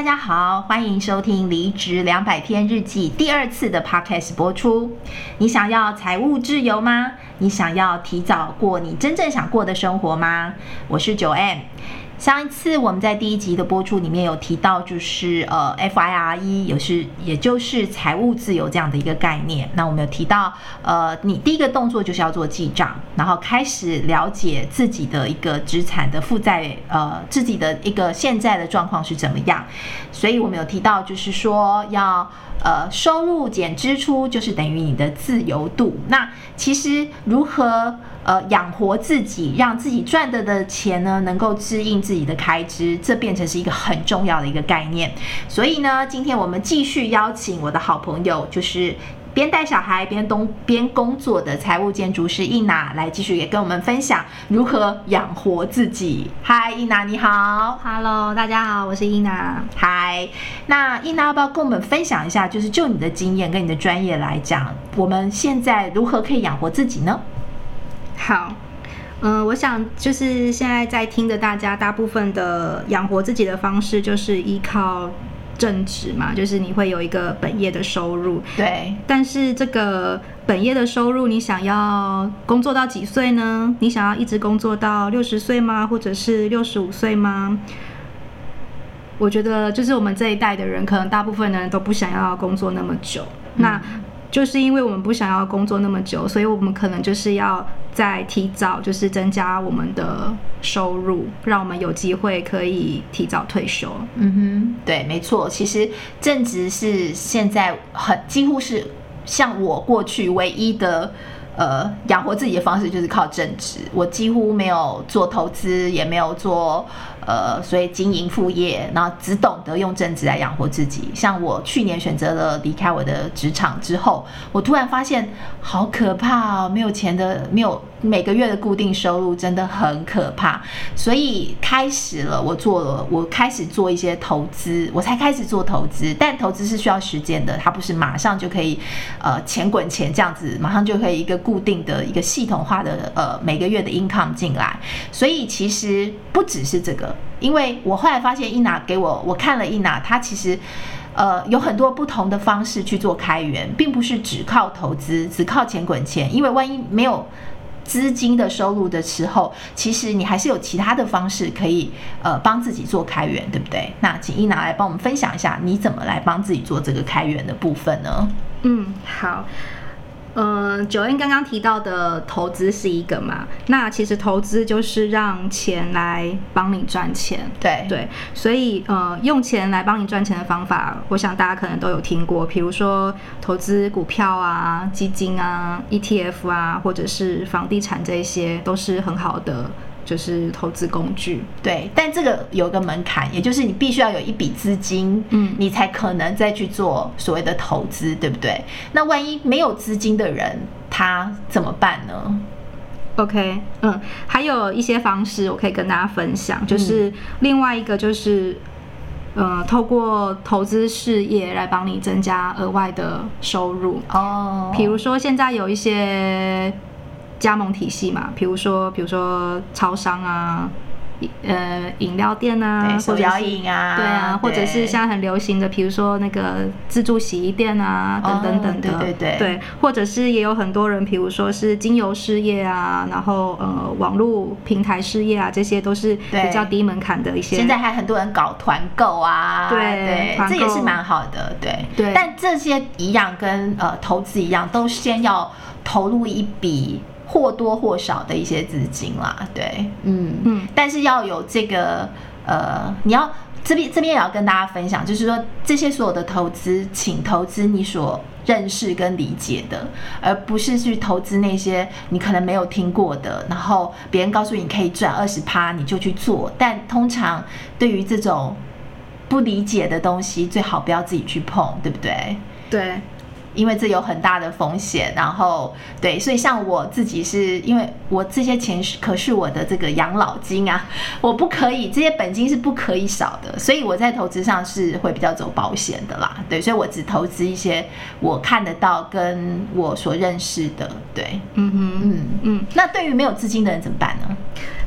大家好，歡迎收聽《離職兩百天日記》第二次的 Podcast 播出。你想要財務自由嗎？你想要提早過你真正想過的生活嗎？我是九 M。上一次我們在第一集的播出裡面有提到，就是呃，F I R E，也是也就是財務自由這樣的一個概念。那我們有提到，呃，你第一個動作就是要做記賬，然後開始了解自己的一個資產的負債，呃，自己的一個現在的狀況是怎麼樣。所以我們有提到，就是說要呃，收入減支出就是等於你的自由度。那其實如何？呃，養活自己，讓自己賺的的錢呢，能夠支應自己的開支，這變成是一個很重要的一個概念。所以呢，今天我們繼續邀請我的好朋友，就是邊帶小孩邊東邊工作的財務建築師伊娜，來繼續也跟我們分享如何養活自己。嗨，伊娜你好。Hello，大家好，我是伊娜。嗨，那伊娜要不要跟我們分享一下，就是就你的經驗跟你的專業來講，我們現在如何可以養活自己呢？好，嗯，我想就是現在在聽的大家，大部分的養活自己的方式就是依靠正職嘛，就是你會有一個本業的收入。對。但是這個本業的收入，你想要工作到幾歲呢？你想要一直工作到六十歲嗎？或者是六十五歲嗎？我覺得就是我們這一代的人，可能大部分的人都不想要工作那麼久。嗯，那就是因為我們不想要工作那麼久，所以我們可能就是要。再提早就是增加我們的收入，讓我們有機會可以提早退休。嗯哼，對，沒錯。其實正職是現在很幾乎是像我過去唯一的呃養活自己的方式，就是靠正職。我幾乎沒有做投資，也沒有做。呃，所以經營副業，然後只懂得用正職來養活自己。像我去年選擇了離開我的職場之後，我突然發現好可怕哦，沒有錢的，沒有每個月的固定收入真的很可怕。所以開始了，我做了，我開始做一些投資，我才開始做投資。但投資是需要時間的，它不是馬上就可以，呃，錢滾錢這樣子，馬上就可以一個固定的、一個系統化的，呃，每個月的 income 進來。所以其實不只是這個。因為我後來發現，Ina 給我我看了，Ina，她其實，呃，有很多不同的方式去做開源，並不是只靠投資、只靠錢滾錢。因為萬一沒有資金的收入的時候，其實你還是有其他的方式可以呃幫自己做開源，對不對？那請 Ina 來幫我們分享一下，你怎麼來幫自己做這個開源的部分呢？嗯，好。嗯，Joanne 剛剛提到的投資是一個嘛？那其實投資就是讓錢來幫你賺錢。對對，所以呃，用錢來幫你賺錢的方法，我想大家可能都有聽過，比如說投資股票啊、基金啊、ETF 啊，或者是房地產，這些都是很好的。就是投資工具，對，但這個有個門檻，也就是你必須要有一筆資金，嗯，你才可能再去做所謂的投資，對不對？那萬一沒有資金的人，他怎麼辦呢？OK，嗯，還有一些方式我可以跟大家分享，就是另外一個就是，嗯、呃，透過投資事業來幫你增加額外的收入哦，比如說現在有一些。加盟體系嘛，比如說，比如說超商啊，呃，飲料店啊，手搖飲對啊對啊，對或者是像很流行的，比如說那個自助洗衣店啊，哦、等等等等。對對對，對，對，或者是也有很多人，比如說是精油事業啊，然後呃，網絡平台事業啊，這些都是比較低門檻的一些。現在還很多人搞團購啊，對，對購這也是蠻好的，對對。對但這些一樣跟呃投資一樣，都先要投入一筆。或多或少的一些資金啦，對，嗯嗯，但是要有這個，呃，你要這邊這邊也要跟大家分享，就是說這些所有的投資，請投資你所認識跟理解的，而不是去投資那些你可能沒有聽過的，然後別人告訴你可以賺二十趴，你就去做。但通常對於這種不理解的東西，最好不要自己去碰，對不對？對。因為這有很大的風險，然後對，所以像我自己是因為我這些錢是可是我的這個養老金啊，我不可以這些本金是不可以少的，所以我在投資上是會比較走保險的啦，對，所以我只投資一些我看得到跟我所認識的，對，嗯哼，嗯嗯，嗯，那對於沒有資金的人怎麼辦呢？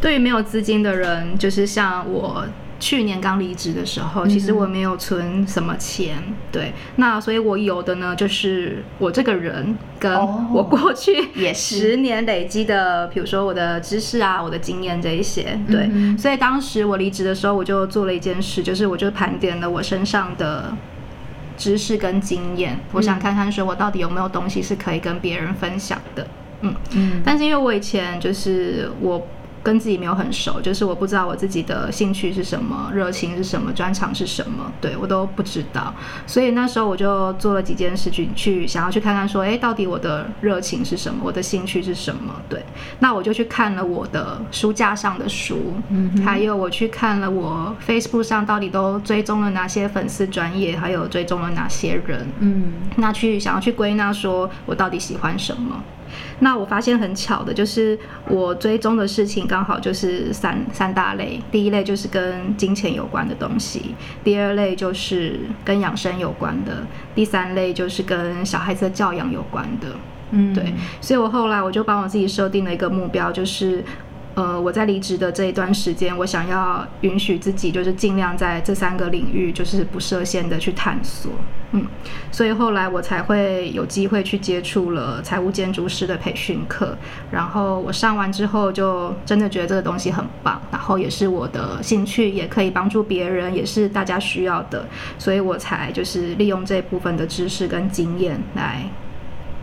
對於沒有資金的人，就是像我。去年剛離職的時候，其實我沒有存什麼錢，嗯、哼對。那所以我有的呢，就是我這個人，跟我過去、哦、 也十年累積的，比如說我的知識啊，我的經驗這一些，對。嗯、哼所以當時我離職的時候，我就做了一件事，就是我就盤點了我身上的知識跟經驗，嗯、我想看看說，我到底有沒有東西是可以跟別人分享的。嗯嗯。但是因為我以前就是我。跟自己沒有很熟，就是我不知道我自己的興趣是什麼，熱情是什麼，專長是什麼，對，我都不知道。所以那時候我就做了幾件事情，去想要去看看說，哎，到底我的熱情是什麼，我的興趣是什麼？對，那我就去看了我的書架上的書，嗯哼，還有我去看了我 Facebook 上到底都追蹤了哪些粉絲、專業，還有追蹤了哪些人，嗯，那去想要去歸納說，我到底喜歡什麼。那我發現很巧的，就是我追蹤的事情剛好就是三三大類，第一類就是跟金錢有關的東西，第二類就是跟養生有關的，第三類就是跟小孩子的教養有關的。嗯，對，所以我後來我就幫我自己設定了一個目標，就是。呃，我在離職的這一段時間，我想要允許自己，就是盡量在這三個領域，就是不設限的去探索。嗯，所以後來我才會有機會去接觸了財務建築師的培訓課，然後我上完之後，就真的覺得這個東西很棒，然後也是我的興趣，也可以幫助別人，也是大家需要的，所以我才就是利用這部分的知識跟經驗來。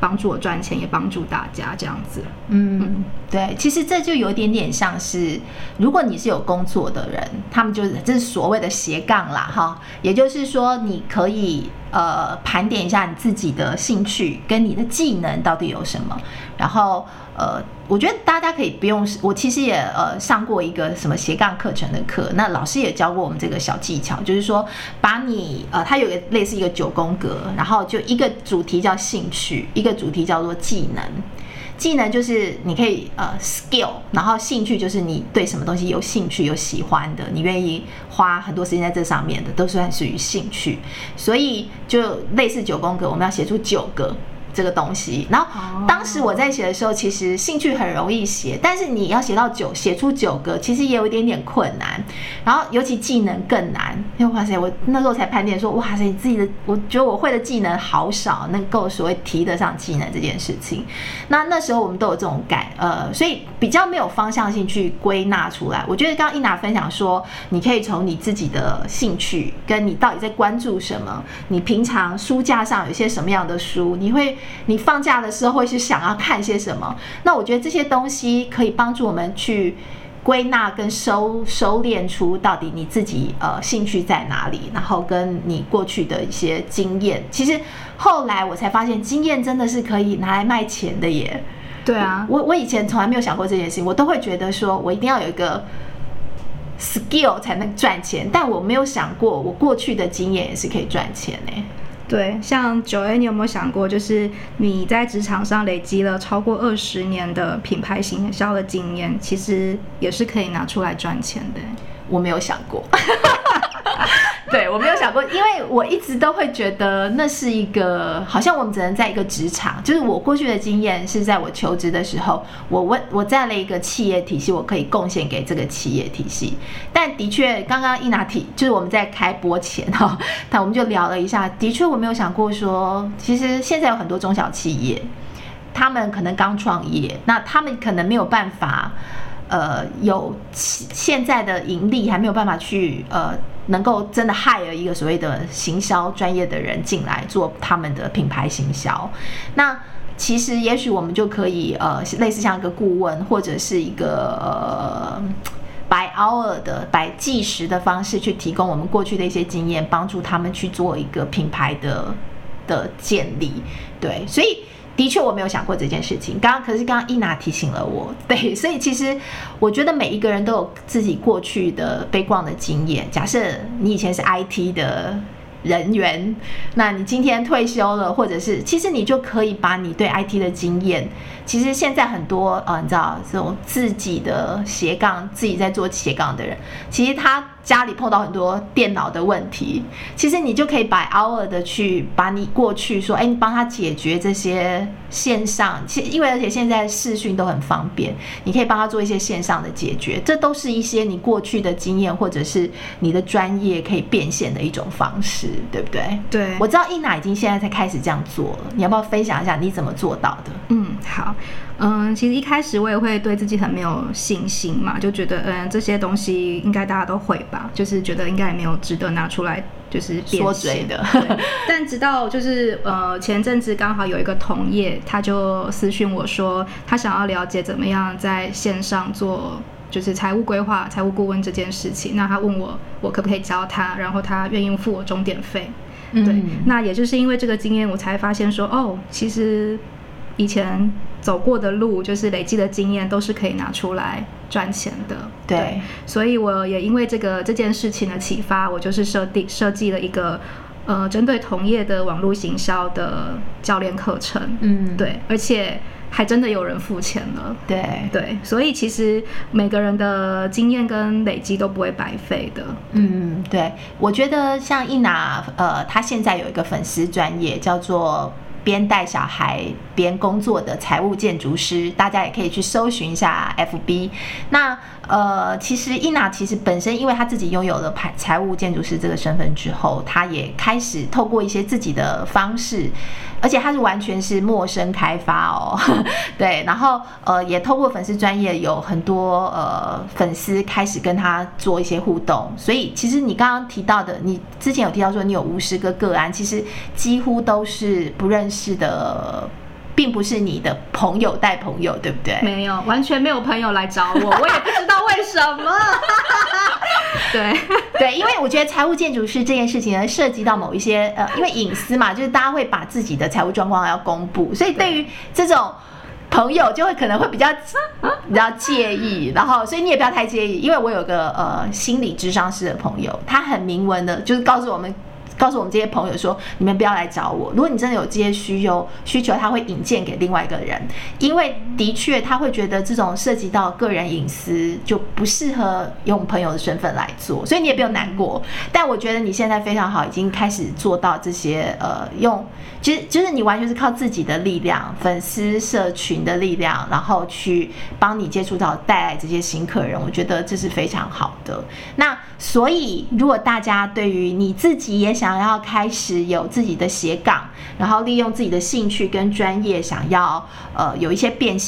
幫助我賺錢，也幫助大家這樣子。嗯，嗯對，其實這就有點點像是，如果你是有工作的人，他們就是這是所謂的斜槓啦，哈，也就是說你可以。呃，盤點一下你自己的興趣跟你的技能到底有什麼，然後呃，我覺得大家可以不用。我其實也呃上過一個什麼斜槓課程的課，那老師也教過我們這個小技巧，就是說把你呃，它有一個類似一個九宮格，然後就一個主題叫興趣，一個主題叫做技能。技能就是你可以呃 skill，然後興趣就是你對什麼東西有興趣有喜歡的，你願意花很多時間在這上面的，都算屬於興趣。所以就類似九宮格，我們要寫出九個。這個東西，然後當時我在寫的時候，其實興趣很容易寫，但是你要寫到九，寫出九個，其實也有一點點困難。然後尤其技能更難，因為哇塞，我那時候才判定說，哇塞，你自己的，我覺得我會的技能好少，能夠所謂提得上技能這件事情。那那時候我們都有這種感，呃，所以比較沒有方向性去歸納出來。我覺得剛剛 Ina 分享說，你可以從你自己的興趣，跟你到底在關注什麼，你平常書架上有些什麼樣的書，你會。你放假的時候會是想要看些什麼？那我覺得這些東西可以幫助我們去歸納跟收收斂出到底你自己呃興趣在哪裡，然後跟你過去的一些經驗。其實後來我才發現，經驗真的是可以拿來賣錢的耶！對啊，我我以前從來沒有想過這件事情，我都會覺得說我一定要有一個 skill 才能賺錢，但我沒有想過我過去的經驗也是可以賺錢的。對，像九 A，你有沒有想過，就是你在職場上累積了超過二十年的品牌行銷的經驗，其實也是可以拿出來賺錢的？我沒有想過。 對，我沒有想過，因為我一直都會覺得那是一個好像我們只能在一個職場，就是我過去的經驗是在我求職的時候，我問我在了一個企業體系，我可以貢獻給這個企業體系。但的確，剛剛 Ina 提就是我們在開播前哈，那我們就聊了一下，的確我沒有想過說，其實現在有很多中小企業，他們可能剛創業，那他們可能沒有辦法，呃，有現在的盈利還沒有辦法去呃。能夠真的 hire 一個所謂的行銷專業的人進來做他們的品牌行銷，那其實也許我們就可以呃類似像一個顧問或者是一個、呃、by hour 的白計時的方式去提供我們過去的一些經驗，幫助他們去做一個品牌的的建立。對，所以。的確，我沒有想過這件事情。剛剛可是剛剛 Ina 提醒了我，對，所以其實我覺得每一個人都有自己過去的背光的經驗。假設你以前是 IT 的人員，那你今天退休了，或者是其實你就可以把你對 IT 的經驗，其實現在很多啊，哦，你知道這種自己的斜槓，自己在做斜槓的人，其實他。家裡碰到很多電腦的問題，其實你就可以擺 hour 的去把你過去說，誒、欸，你幫他解決這些線上，因為而且現在視訊都很方便，你可以幫他做一些線上的解決，這都是一些你過去的經驗或者是你的專業可以變現的一種方式，對不對？對，我知道 Ina 已經現在才開始這樣做了，你要不要分享一下你怎麼做到的？嗯，好。嗯，其實一開始我也會對自己很沒有信心嘛，就覺得嗯這些東西應該大家都會吧，就是覺得應該也沒有值得拿出來就是說嘴的 對。但直到就是呃前陣子剛好有一個同業，他就私訊我說他想要了解怎麼樣在線上做就是財務規劃、財務顧問這件事情。那他問我我可不可以教他，然後他願意付我鐘點費。嗯、對，那也就是因為這個經驗，我才發現說哦，其實以前。走過的路就是累積的經驗，都是可以拿出來賺錢的。對，對，所以我也因為這個這件事情的啟發，我就是設定設計了一個呃針對同業的網絡行銷的教練課程。嗯，對，而且還真的有人付錢了。對對，所以其實每個人的經驗跟累積都不會白費的。嗯，對，我覺得像 Ina 呃，她現在有一個粉絲專業叫做，邊帶小孩邊工作的財務建築師，大家也可以去搜尋一下 FB。那呃，其實伊娜其實本身，因為她自己擁有了財務建築師這個身份之後，她也開始透過一些自己的方式。而且他是完全是陌生開發哦，對，然後呃，也透過粉絲專頁，有很多呃粉絲開始跟他做一些互動，所以其實你剛剛提到的，你之前有提到說你有五十個個案，其實幾乎都是不認識的，並不是你的朋友帶朋友，對不對？沒有，完全沒有朋友來找我，我也不知道為什麼。 對對，因為我覺得財務建築師這件事情呢，涉及到某一些呃，因為隱私嘛，就是大家會把自己的財務狀況要公布，所以對於這種朋友，就會可能會比較比較介意，然後所以你也不要太介意，因為我有個呃心理諮商師的朋友，他很明文的，就是告訴我們，告訴我們這些朋友說，你們不要來找我，如果你真的有這些需求需求，他會引薦給另外一個人，因為。的確，他會覺得這種涉及到個人隱私就不適合用朋友的身份來做，所以你也不用難過。但我覺得你現在非常好，已經開始做到這些呃，用，其實就是你完全是靠自己的力量、粉絲社群的力量，然後去幫你接觸到帶來這些新客人。我覺得這是非常好的。那所以，如果大家對於你自己也想要開始有自己的斜槓，然後利用自己的興趣跟專業，想要呃有一些變現。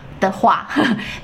的話，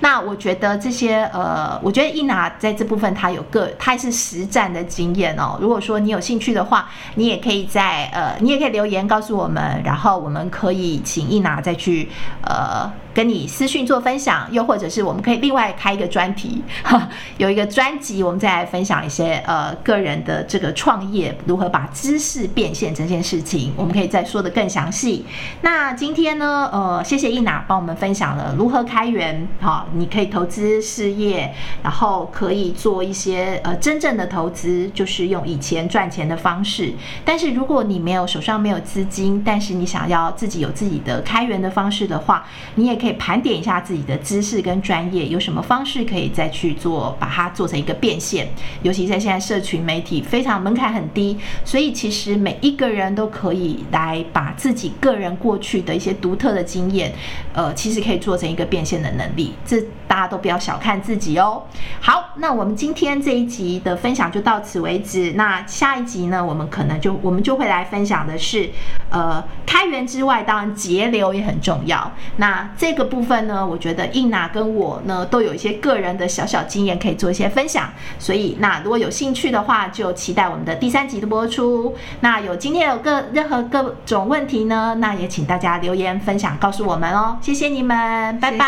那我覺得這些呃，我覺得 Ina 在這部分他有個他也是實戰的經驗哦。如果說你有興趣的話，你也可以在呃，你也可以留言告訴我們，然後我們可以請 Ina 再去呃跟你私訊做分享，又或者是我們可以另外開一個專題，哈，有一個專輯，我們再來分享一些呃個人的這個創業如何把知識變現這件事情，我們可以再說的更詳細。那今天呢，呃，謝謝 Ina 幫我們分享了如何。開源好，你可以投資事業，然後可以做一些呃真正的投資，就是用以前賺錢的方式。但是如果你沒有手上沒有資金，但是你想要自己有自己的開源的方式的話，你也可以盤點一下自己的知識跟專業，有什麼方式可以再去做，把它做成一個變現。尤其在現在社群媒體非常門檻很低，所以其實每一個人都可以來把自己個人過去的一些獨特的經驗，呃，其實可以做成一個變現。變現的能力，這大家都不要小看自己哦。好，那我們今天這一集的分享就到此為止。那下一集呢，我們可能就我們就會來分享的是，呃，開源之外，當然節流也很重要。那這個部分呢，我覺得 Ina 跟我呢都有一些個人的小小經驗可以做一些分享。所以那如果有興趣的話，就期待我們的第三集的播出。那有今天有各任何各種問題呢，那也請大家留言分享告訴我們哦。謝謝你們，拜拜。謝謝大家，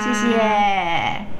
謝謝。謝謝。